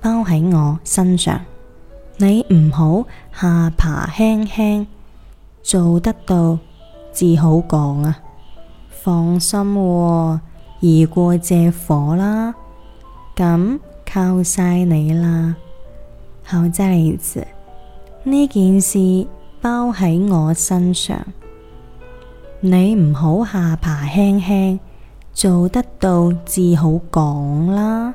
包喺我身上，你唔好下扒輕輕，做得到至好講啊！放心、喎，易過借火啦，咁靠晒你啦，好，生子，呢件事包喺我身上，你唔好下扒輕輕，做得到至好講啦、啊。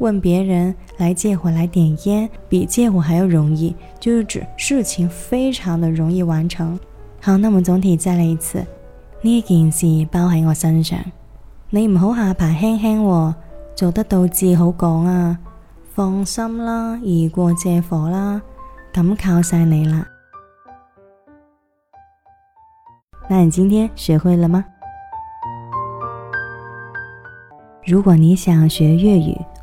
問別人來借火來點煙，比借火還要容易，就是指事情非常的容易完成。好，那我們總體再來一次，呢件事包喺我身上，你唔好下扒輕輕喎，做得到至好講啊，放心啦，易過借火啦，咁靠晒你啦。那你今天學會了嗎？如果你想學粵語。